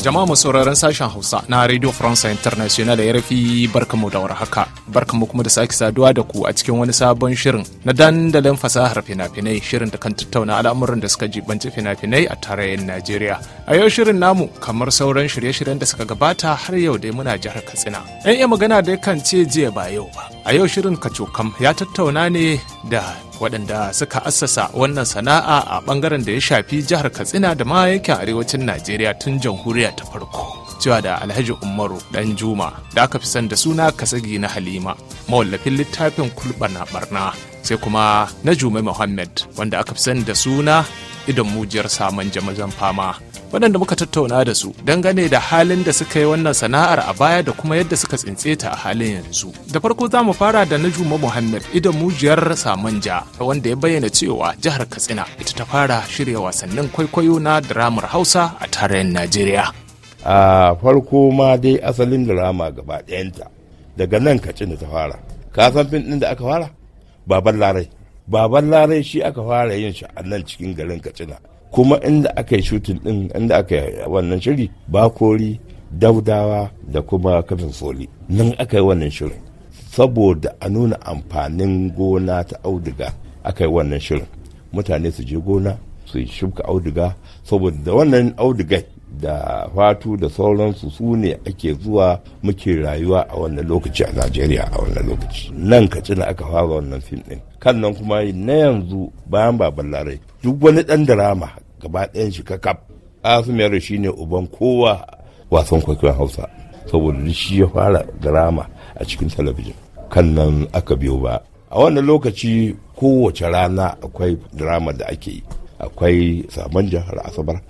Jama'a mu sauraron sashen Hausa na Radio France International ya rafi barkamu da haka Barkamu kuma da sake saduwa da ku a cikin wani sabon shirin na dandalin fasahar fina-finai shirin da kan tattauna al'amuran da suka jibanci fina-finai a tarayyar Najeriya. A yau shirin namu kamar sauran shirye-shiryen da suka gabata har yau dai muna jihar Katsina. Yan iya magana da kan ce jiya ba yau ba. A yau shirin Kacokam ya tattauna ne da waɗanda suka assasa wannan sana'a a ɓangaren da ya shafi jihar katsina da ma yankin arewacin najeriya tun jamhuriya ta farko cewa da alhaji umaru dan juma da aka fi san da suna kasagi na halima mawallafin littafin kulɓana barna sai kuma na jume muhammad wanda aka fi san da suna idan mujiyar saman jama'zan fama waɗanda muka tattauna da su dangane da halin da suka yi wannan sana'ar a baya da kuma yadda suka tsintse ta a halin yanzu da farko za mu fara da najuma muhammad idan mujiyar samanja wanda ya bayyana cewa jihar katsina ita ta fara shirya wasannin kwaikwayo na diramar hausa a tarayyar najeriya a farko ma dai asalin drama gaba ɗayanta daga nan katsina ta fara ka san fin ɗin da aka fara baban larai baban larai shi aka fara yin shi a nan cikin garin katsina kuma inda aka yi shutin din inda aka yi wannan shiri bakori daudawa da kuma kafin soli nan aka yi wannan shirin saboda a nuna amfanin gona ta auduga aka yi wannan shirin mutane su je gona su shuka auduga saboda wannan auduga da fatu da sauransu su ne ake zuwa muke rayuwa a wannan lokaci a najeriya a wannan lokaci nan katsina aka fara wannan fim din kan nan kuma na yanzu bayan baban larai duk wani dan drama gaba ɗayan shi kakaf Asumiyar shi ne uban kowa wasan kwakwai hausa saboda shi ya fara drama a cikin talabijin kan nan aka biyo ba a wannan lokaci kowace rana akwai drama da ake yi akwai sabon jihar asabar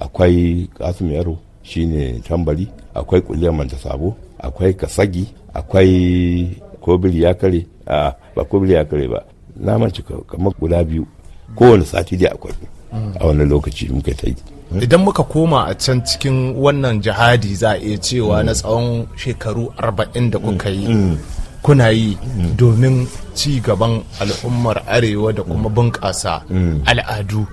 akwai kasim yaro shine tambari akwai kuliyar manta sabo akwai kasagi akwai kobili ya kare a ba kobil ya kare ba na manci kamar guda biyu kowane sati dai akwai a wani lokaci muka ta yi idan muka koma a can cikin wannan jihadi za a iya cewa na tsawon shekaru arba'in da kuka yi mm. Mm. kuna yi mm. domin ci gaban al'ummar arewa da kuma bunƙasa al'adu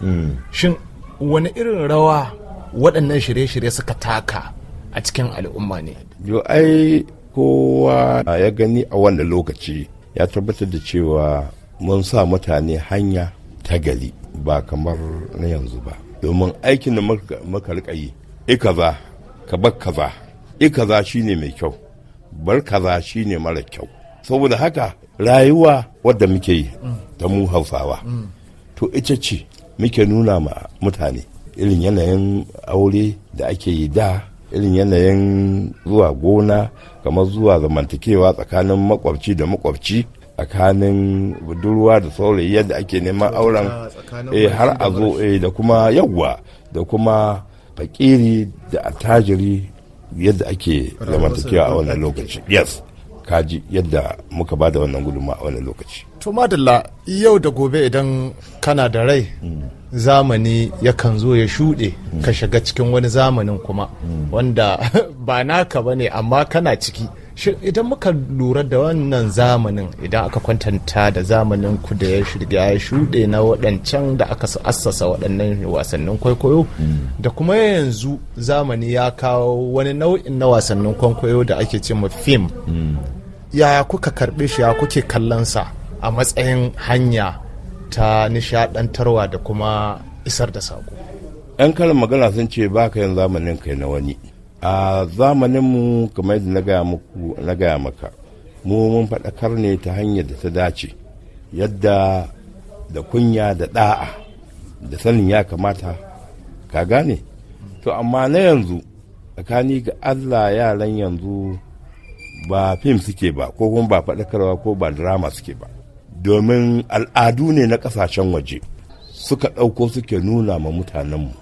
shin wani irin rawa waɗannan shirye-shirye suka taka a cikin al'umma ne yo ai kowa ya gani a wannan lokaci ya tabbatar da cewa mun sa mutane hanya ta gari ba kamar na yanzu ba domin aikin da muka rika yi za ka bar kaza shi shine mai kyau bar kaza shine mara kyau saboda haka rayuwa wadda muke yi ta mu hausawa mm. Mm. to ita ce muke nuna ma mutane irin yanayin aure da ake yi da irin yanayin zuwa gona kamar zuwa zamantakewa tsakanin makwabci da makwabci tsakanin budurwa da saurayi yadda ake neman auren eh, har a zo da eh, kuma yawwa da kuma fakiri da attajiri yadda ake zamantakewa a wannan lokaci yes kaji yadda muka ba da wannan gudunma a wannan lokaci to madalla yau da gobe idan kana da rai zamani yakan zo ya shuɗe ka shiga cikin wani zamanin kuma wanda ba naka ba ne amma kana ciki idan muka lura da wannan zamanin idan aka kwantanta da zamanin ku da ya shirya ya shuɗe na waɗancan da aka assasa waɗannan wasannin kwaikwayo da kuma yanzu zamani ya kawo wani nau'in na wasannin kwaikwayo da ake ce ma fim yaya kuka karbe shi ya kuke kallonsa a matsayin hanya ta nishaɗantarwa da kuma isar da sako. 'yan karin magana sun ce ba ka yin zamanin kai na wani a zamaninmu kamar yadda na gaya muku na gaya maka mu mun faɗakar ne ta hanyar da ta dace yadda da kunya da ɗa'a da sanin ya kamata ka gane to amma na yanzu tsakani ga allah yaran yanzu ba fim suke ba ko kuma ba faɗakarwa ko ba drama suke ba domin al'adu ne na ƙasashen waje suka ɗauko suke nuna ma mutanenmu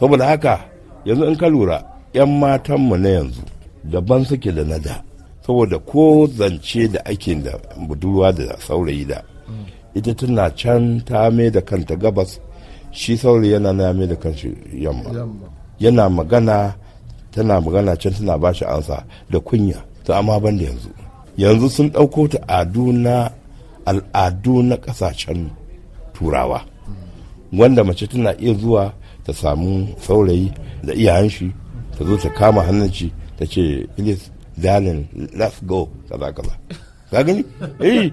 saboda haka yanzu in ka lura 'yan matanmu na yanzu daban suke da na da saboda ko zance da ake da budurwa da saurayi da ita tana can ta mai da kanta gabas shi saurayi yana na mai da kanshi yamma yana magana tana magana can tana bashi ansa da kunya to amma ban da yanzu yanzu sun ɗauko adu na al'adu na ƙasashen turawa wanda mace tana iya zuwa ta samu saurayi da iyayen shi ta zo ta kama hannun shi ta ce please darling let's go kaza kaza ka gani eh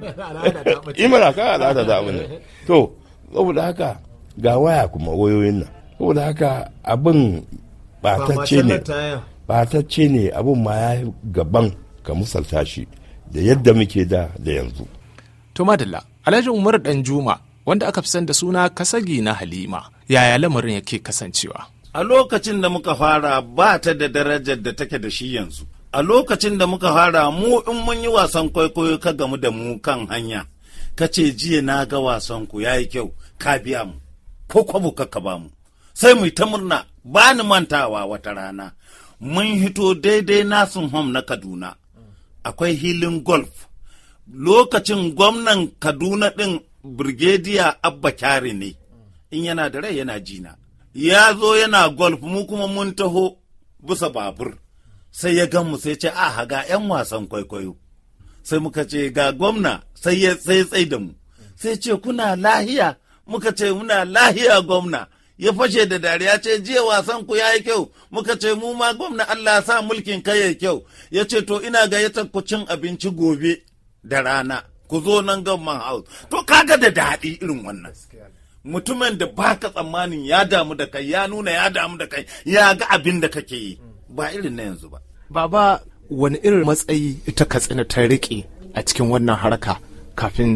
imana ka al'ada da ne to saboda haka ga waya kuma wayoyin nan saboda haka abin ba ta ce ne batacce ne abin ma ya gaban ka musalta shi da yadda muke da da yanzu. To Madalla, Alhaji Umar Danjuma wanda aka fi san da suna Kasagi na Halima, yaya lamarin yake kasancewa? A lokacin da muka fara ba ta da darajar da take da shi yanzu. A lokacin da muka fara mu in mun yi wasan kwaikwayo ka gamu da mu kan hanya. Ka ce jiya na ga wasan ku ya yi kyau ka biya mu ko kwabo ka ka ba mu. Sai mu yi ta murna ba ni mantawa wata rana mun hito daidai nasin hom na kaduna akwai hilin golf lokacin gwamnan kaduna ɗin birgediya abba kyari ne in yana da rai yana jina ya zo yana golf mu kuma mun taho bisa babur sai ya gan mu sai ce ah, a ga 'yan wasan kwaikwayo sai muka ce ga gwamna sai ya tsaye da mu sai ce kuna lahiya muka ce muna lahiya gwamna ya fashe da dariya ce jiya wasan ku yayi kyau muka ce mu ma gwamna Allah sa mulkin ka yayi kyau ya ce to ina gayyatar ku cin abinci gobe da rana ku zo nan man house to kaga da daɗi irin wannan mutumin da baka tsammanin ya damu da kai ya nuna ya damu da kai ya ga abin da kake yi ba irin na yanzu ba baba wani irin matsayi ita katsina ta riƙe a cikin wannan harka kafin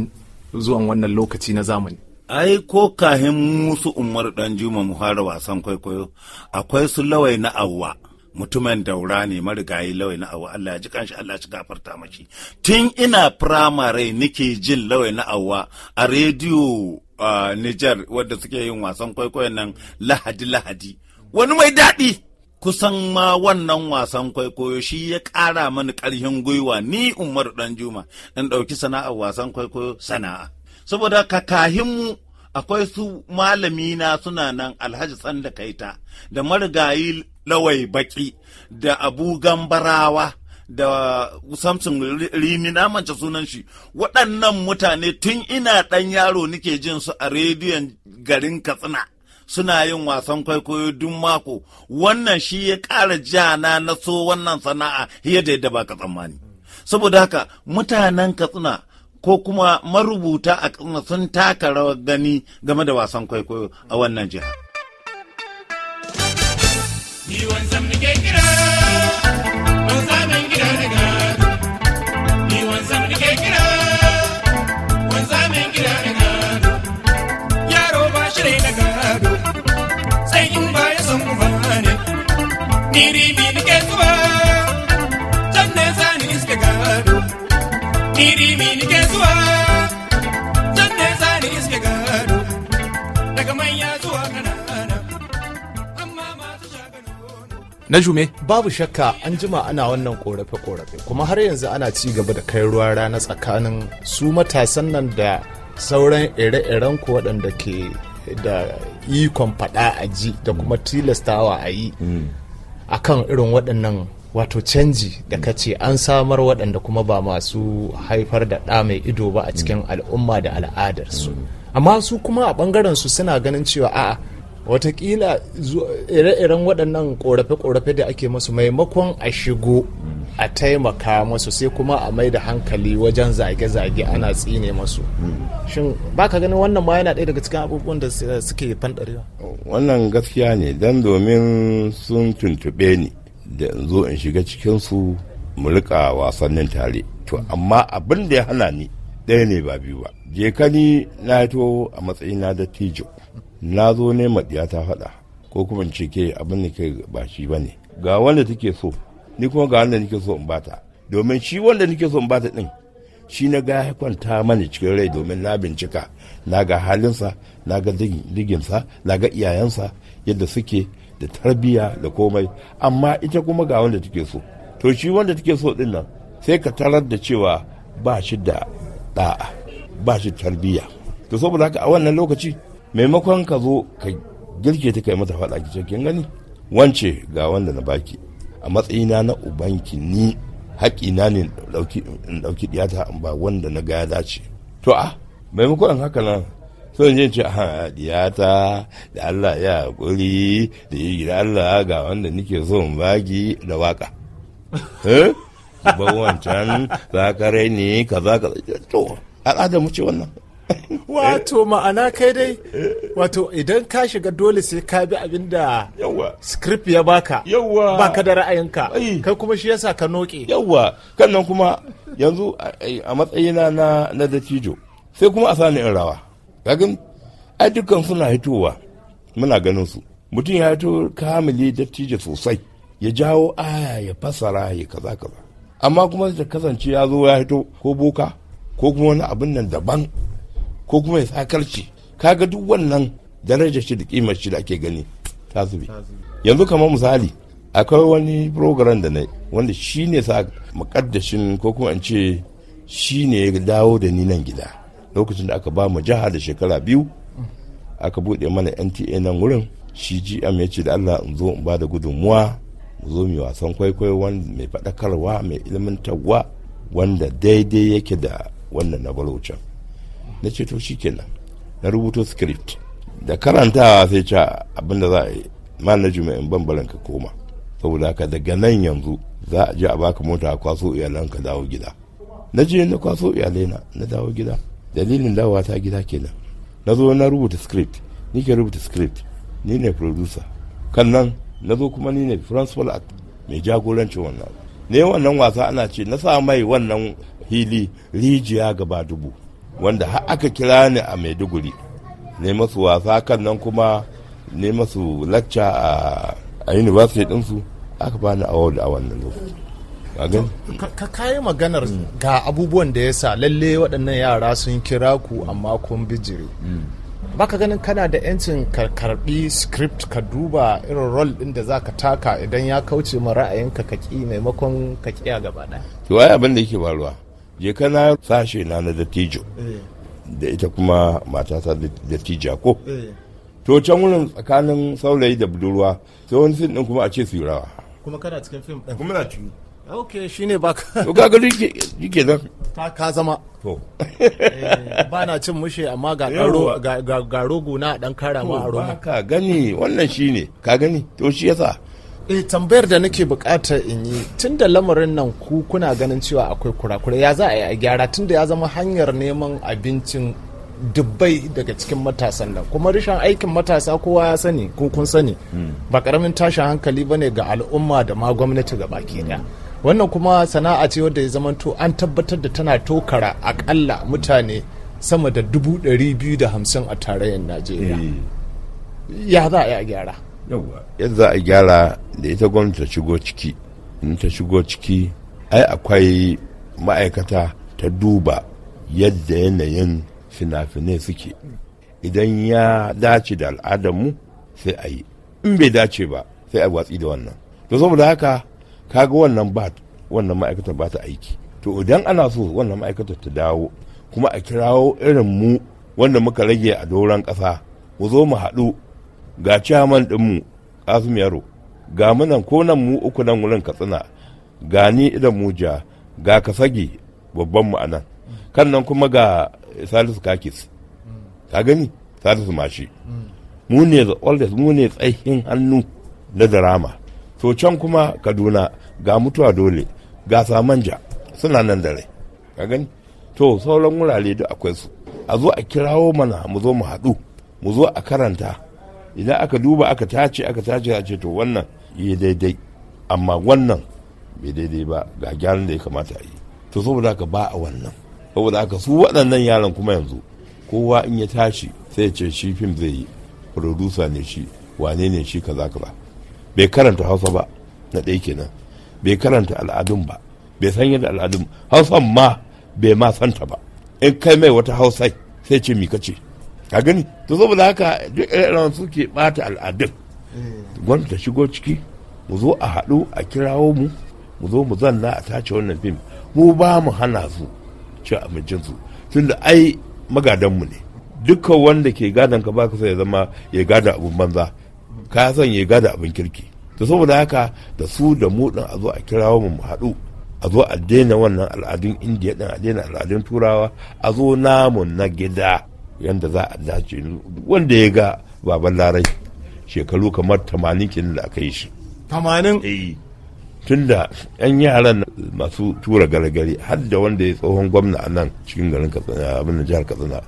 zuwan wannan lokaci na zamani ai ko kahin musu umar dan juma mu fara wasan kwaikwayo akwai su lawai na awwa mutumin daura ne marigayi lawai na awwa Allah ya ji kanshi Allah shi gafarta mashi tun ina firamare nake jin lawai na awwa a rediyo a Niger wadda suke yin wasan kwaikwayon nan lahadi lahadi wani mai daɗi kusan ma wannan wasan kwaikwayo shi ya ƙara mani ƙarfin gwiwa ni umar dan juma in ɗauki sana'ar wasan kwaikwayo sana'a saboda ka kahinmu akwai su malamina suna nan alhaji sanda kaita da marigayi lawai baki da abu gambarawa da samson rimi na mance sunan shi waɗannan mutane tun ina ɗan yaro nike jin su a rediyon garin katsina suna yin wasan kwaikwayo duk mako wannan shi ya ƙara jana na so wannan sana'a yadda yadda ba ka tsammani saboda haka mutanen katsina ko kuma marubuta a sun taka rawar gani game da wasan kwaikwayo a wannan jiha. na jume babu shakka an jima ana wannan korafe-korafe kuma har yanzu ana ci gaba da kai ruwa rana tsakanin su matasan nan da sauran ire-iren ku waɗanda ke da ikon faɗa a ji da mm. kuma tilastawa a yi mm. a kan irin waɗannan wato canji da ka ce an samar waɗanda kuma ba masu haifar da ɗa mai ido ba a cikin mm. al'umma da al'adarsu amma su kuma a ɓangaren su suna ganin cewa a'a watakila ire-iren waɗannan ƙorafe-ƙorafe da ake masu maimakon a shigo mm. a taimaka masu sai kuma a mai da hankali wajen zage-zage ana tsine masu mm. shin ba ka ganin wannan ma yana ɗaya daga cikin abubuwan da suke fanɗarewa wannan gaskiya ne don domin sun tuntuɓe ni da zo in shiga cikinsu su riƙa wasannin tare to amma abin da ya hana ni ɗaya ne ba biyu ba je ka ni na to a matsayina da tijo na zo ne maɗiya ta faɗa ko kuma in ce ke abin da ke ba shi ba ne ga wanda take so ni kuma ga wanda nake so in bata domin shi wanda nake so in bata ɗin, shi na ga kwanta mani cikin rai domin na bincika na ga halinsa na ga diginsa na ga iyayensa yadda suke da tarbiyya da komai amma ita kuma ga wanda take so to shi wanda take so din nan sai ka tarar da cewa ba shi da da'a ba shi tarbiyya to saboda haka a wannan lokaci maimakon ka zo ka girke ta kai mata faɗa ki kin gani wance ga wanda na baki a matsayina na ubanki ni na ne in ɗauki ɗiyata ba wanda na ga ya dace to a ah, maimakon haka nan sun je ce a diyata da Allah ya haƙuri da yi gida Allah ga wanda nike so in baki da waka eh? ba wancan zakarai ne kaza kaza to al'adar mu ce wannan wato ma'ana kai dai wato idan ka shiga dole sai ka bi abin da script ya baka yawa baka da ra'ayinka kai kuma shi yasa ka noke yawa kan nan kuma yanzu a matsayina na na dattijo sai kuma a sani in rawa kagin ai dukkan suna hitowa muna ganin su mutum ya hito kamili dattijo sosai ya jawo aya ya fassara ya kaza kaza amma kuma ta kasance ya zo ya hito ko boka ko kuma wani abin nan daban ko kuma ya sakarci kaga duk wannan darajar shi da kimar shi da ake gani ta zube yanzu kamar misali akwai wani program da na wanda shi ne sa makaddashin ko kuma an ce shi ne ya dawo da ni nan gida lokacin da aka ba mu jiha da shekara biyu aka buɗe mana nta nan wurin shi gm ya ce da allah in zo in ba da gudunmuwa mu zo mai wasan kwaikwayo mai faɗakarwa mai ilmantarwa wanda daidai yake da wannan na barocin na ce to shikenan na rubuto script da karantawa sai ca abinda za a yi mal na juma'a in bambaran ka koma saboda haka daga nan yanzu za a je a baka mota a kwaso iyalan ka dawo gida na je na kwaso iyalaina na dawo gida dalilin dawowa ta gida kenan na zo na rubuta script ni ke rubuta script ni ne producer kan nan na zo kuma ni ne principal act mai jagorancin wannan ne wannan wasa ana ce na sa mai wannan hili rijiya gaba dubu wanda har aka kira ni a maiduguri ne masu wasa kan nan kuma ne masu lacca a university ɗinsu aka bani award a wannan lokaci ka kayi maganar ga abubuwan da ya sa lalle waɗannan yara sun kira ku amma kun bijire mm. baka ganin kana da yancin ka karbi script ka duba irin rol ɗin da za ka taka idan ya kauce ma ra'ayinka ka maimakon ka a gaba ɗaya to abin da yake faruwa je kana sashe na na dattijo eh. da ita kuma matasa dattija ko eh. to can wurin tsakanin saurayi da budurwa sai wani fim din kuma a ce su rawa kuma kana cikin fim din kuma na ciki ok shine ba ka ga gari yake nan ka zama to eh, ba na cin mushe amma ga garo ga rogo na dan kara ma a ba ka gani wannan shine ka gani to shi yasa eh tambayar da nake bukatar in yi tun da lamarin nan ku kuna ganin cewa akwai kurakurai ya za a yi a gyara tun da ya zama hanyar neman abincin dubbai daga cikin matasan nan kuma rishon aikin matasa kowa ya sani ko kun sani hmm. ba karamin tashin hankali ba ne ga al'umma da ma gwamnati ga baki daya hmm. wannan kuma sana'a ce wadda ya zamanto an tabbatar da tana tokara akalla mutane sama da dubu ɗari biyu da hamsin a tarayyar najeriya eh. ya za a yi a gyara yadda za a gyara da ita gwamnati ta shigo ciki in ta shigo ciki ai akwai ma'aikata ta duba yadda yanayin fina-finai suke idan ya dace da al'adarmu sai a yi in bai dace ba sai a watsi da wannan to saboda haka kaga wannan ba wannan ma'aikata ba ta aiki to idan ana so wannan ma'aikata ta dawo kuma a kirawo irin mu wanda muka rage a doron ƙasa mu zo mu haɗu ga chairman ɗinmu kasim yaro ga munan ko nan mu uku nan wurin katsina ga ni idan muja ga kasage babban mu anan kan nan kuma ga salisu kakis ka gani salisu mashi mu ne the oldest mu ne tsayin hannu na drama to can kuma kaduna ga mutuwa dole ga samanja suna nan da rai ka gani to sauran wurare da akwai su a zo a kirawo mana mu zo mu haɗu mu zo a karanta idan aka duba aka tace aka tace a ce to wannan yi daidai amma wannan bai daidai ba ga gyaran da ya kamata a yi to saboda aka ba a wannan saboda aka su waɗannan yaran kuma yanzu kowa in ya tashi sai ce shi fim zai yi producer ne shi wane ne shi kaza kaza bai karanta hausa ba na ɗaya kenan bai karanta al'adun ba bai san yadda al'adun hausan ma bai ma santa ba in kai mai wata Hausa sai ce mi kace a gani to saboda haka duk irin suke bata al'adun gwamnati ta shigo ciki mu zo a haɗu a kirawo mu mu zo mu zanna a tace wannan fim mu ba mu hana su ci abincin su tunda ai magadanmu ne duka wanda ke gadon ka baka sai ya zama ya gada abin banza ka san ya gada abin kirki to saboda haka da su da mu din a zo a kirawo mu mu haɗu a zo a daina wannan al'adun indiya din a daina al'adun turawa a zo namun na gida Yanda za a dace wanda ya ga baban larai shekaru kamar tamanin kin da aka yi shi tamanin eh, tun da yan yaran masu tura gargari har da wanda ya tsohon gwamna a nan cikin garin katsina abin jihar katsina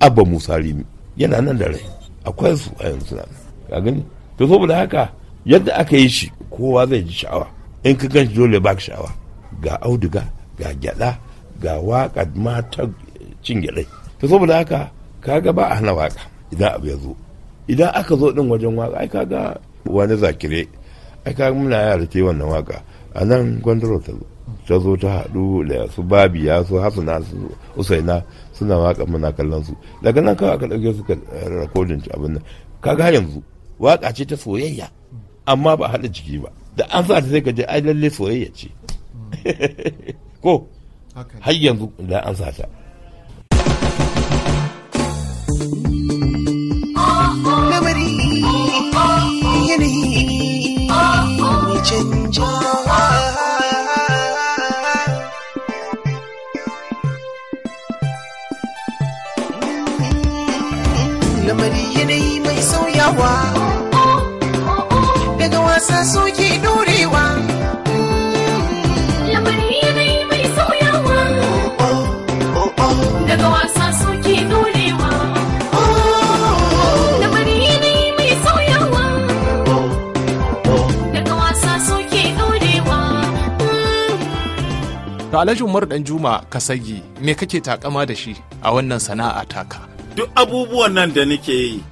abba musa rimi yana nan da rai akwai su a yanzu nan ka gani to saboda haka yadda aka yi shi kowa zai ji sha'awa in ka gan dole ba sha'awa ga auduga ga gyada ga waka mata cin gyadai to saboda haka kaga ba a hana waka idan abu ya zo idan aka zo din wajen waka ai kaga wani zakire ai kaga muna yara ce wannan waka a nan gwandaro ta zo ta zo ta haɗu da su babiya su hasuna su usaina suna waka muna kallon su daga nan kawai aka ɗauke su ka eh, rakodin abin nan kaga yanzu waka ce ta soyayya amma ba haɗa jiki ba da an sa ta sai ka je ai lalle soyayya ce ko har yanzu da an sa ta To Alhaji Umar Danjuma Kasagi me kake takama da shi a wannan sana'a taka? Duk abubuwan nan da nake yi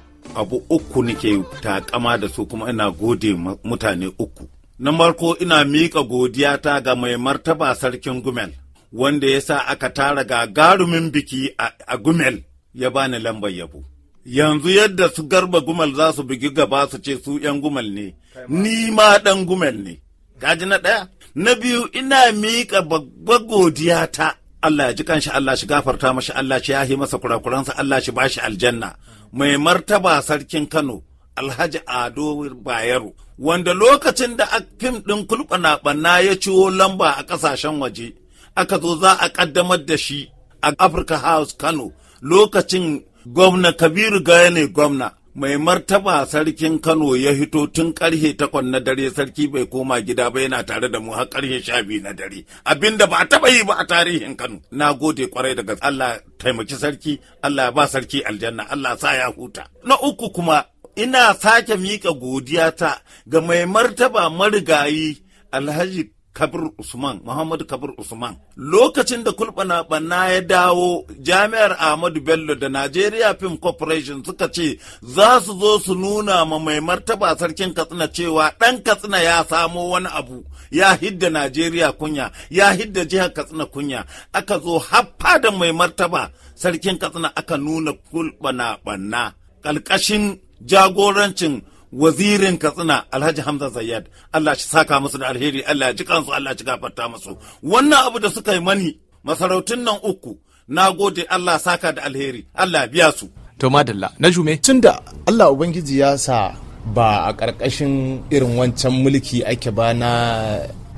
abu uku nake takama da su kuma ina gode mutane uku. Na marko ina miƙa godiyata ga mai martaba sarkin Gumel wanda ya sa aka tara gagarumin biki a Gumel ya bani lambar yabo. Yanzu yadda su garba Gumal za su bugi gaba su ce su ‘yan gumel ne, ni ma ɗan gumel ne. Gaji na ɗaya? na biyu ina miƙa babbar godiya ta Allah ya ji kanshi Allah shi gafarta mashi Allah shi yahi masa kurakuransa Allah shi bashi aljanna mai martaba sarkin Kano Alhaji Ado Bayero wanda lokacin da fim ɗin kulɓana ɓanna ya ciwo lamba a ƙasashen waje aka zo za a ƙaddamar da shi a Africa House Kano lokacin gwamna Kabiru Gaya ne gwamna mai martaba sarkin kano ya hito tun karhe takwas na dare sarki bai koma gida ba yana tare da mu har karhe sha biyu na dare abinda ba a taba yi ba a tarihin kano na gode kwarai daga allah taimaki sarki allah ba sarki aljanna allah sa ya huta na uku kuma ina sake miƙa ta ga mai martaba marigayi alhaji kabir usman muhammadu kabir usman lokacin da kulɓana ɓanna ya dawo jami'ar ahmadu bello da nigeria film corporation suka ce za su zo su nuna ma mai martaba sarkin katsina cewa ɗan katsina ya samo wani abu ya hidda nigeria kunya ya hidda jihar katsina kunya aka zo haffa da mai martaba sarkin katsina aka nuna kulɓana ɓanna ƙalƙashin jagorancin wazirin katsina alhaji hamza zayyad allah shi saka musu da alheri allah ya ji kansu allah shi gafarta musu wannan abu da suka yi mani masarautun nan uku na gode allah saka da alheri allah ya biya su to madalla na jume tunda allah ubangiji ya sa ba a ƙarƙashin irin wancan mulki ake ba na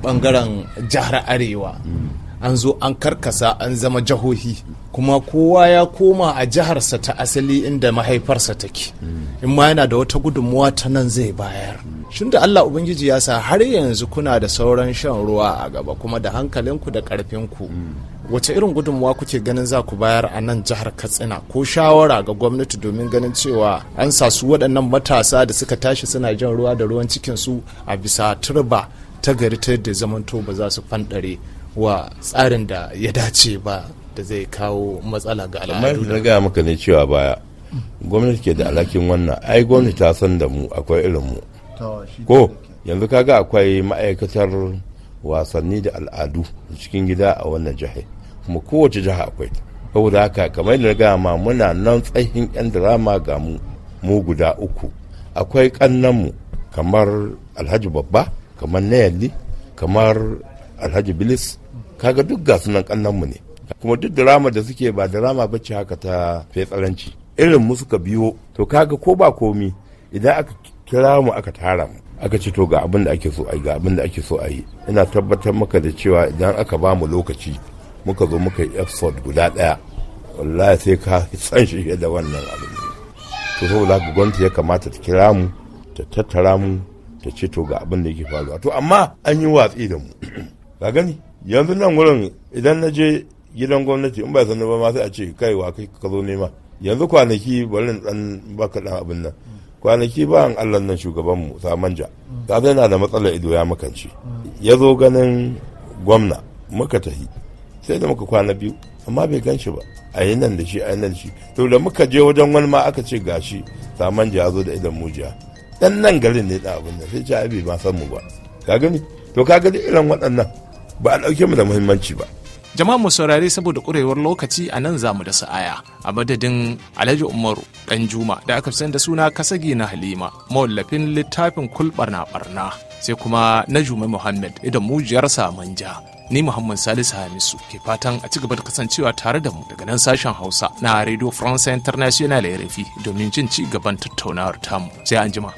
ɓangaren jihar arewa an zo an karkasa an zama jihohi kuma kowa ya koma a jiharsa ta asali inda mahaifarsa take in ma yana da wata gudunmuwa ta nan zai bayar shin da Allah Ubangiji ya sa har yanzu kuna da sauran shan ruwa a gaba kuma da hankalinku da ku wace irin gudunmuwa kuke ganin za ku bayar a nan jihar katsina ko shawara ga gwamnati domin ganin cewa an sasu waɗannan matasa da suka tashi suna jan ruwa da ruwan cikinsu a bisa turba ta gari ta yadda zamanto ba za su fanɗare wa tsarin da ya dace ba da zai kawo matsala ga al'adu da gaya maka ne cewa baya gwamnati ke da alhakin wannan ai gwamnati ta san da mu akwai irin mu ko yanzu kaga akwai ma'aikatar wasanni da al'adu cikin gida a wannan jihar kuma kowace jiha akwai saboda haka kamar da gaya ma muna nan tsayin yan drama ga mu mu guda uku akwai mu kamar alhaji babba kamar nayali kamar alhaji bilis kaga duk ga sunan kannanmu ne kuma duk drama da suke ba drama bace haka ta fetsaranci irin mu suka biyo to kaga ko ba komi idan aka kira mu aka tara mu aka ce to ga abin da ake so a ga abin da ake so a ina tabbatar maka da cewa idan aka ba mu lokaci muka zo muka yi episode guda daya wallahi sai ka san shi da wannan abin to saboda ga gwamnati ya kamata ta kira mu ta tattara mu ta ce to ga abin da yake faruwa to amma an yi watsi da mu ka gani yanzu nan wurin idan na je gidan gwamnati in ba san ba ma sai a ce kai wa kai ka zo nema yanzu kwanaki bari in dan baka dan abin nan kwanaki ba an Allah nan shugaban mu Samanja ta zai na da matsalar ido ya makance ya zo ganin gwamna muka tahi sai da muka kwana biyu amma bai gan shi ba a yi nan da shi a yi nan da shi to da muka je wajen wani ma aka ce gashi Samanja ya zo da idan mujiya dan nan garin ne da abin nan sai ce abi ba san mu ba ka gani to ka gani irin waɗannan ba a ɗauke mu da muhimmanci ba jama'a mu saurare saboda ƙurewar lokaci a nan zamu da sa'aya a madadin alhaji umaru dan juma da aka fi da suna kasagi na halima mawallafin littafin kulɓar na barna sai kuma na jume muhammad idan mujiyar manja ni muhammad salisu hamisu ke fatan a ci gaba da kasancewa tare da mu daga nan sashen hausa na radio france international rfi domin jin ci gaban tattaunawar tamu sai an jima.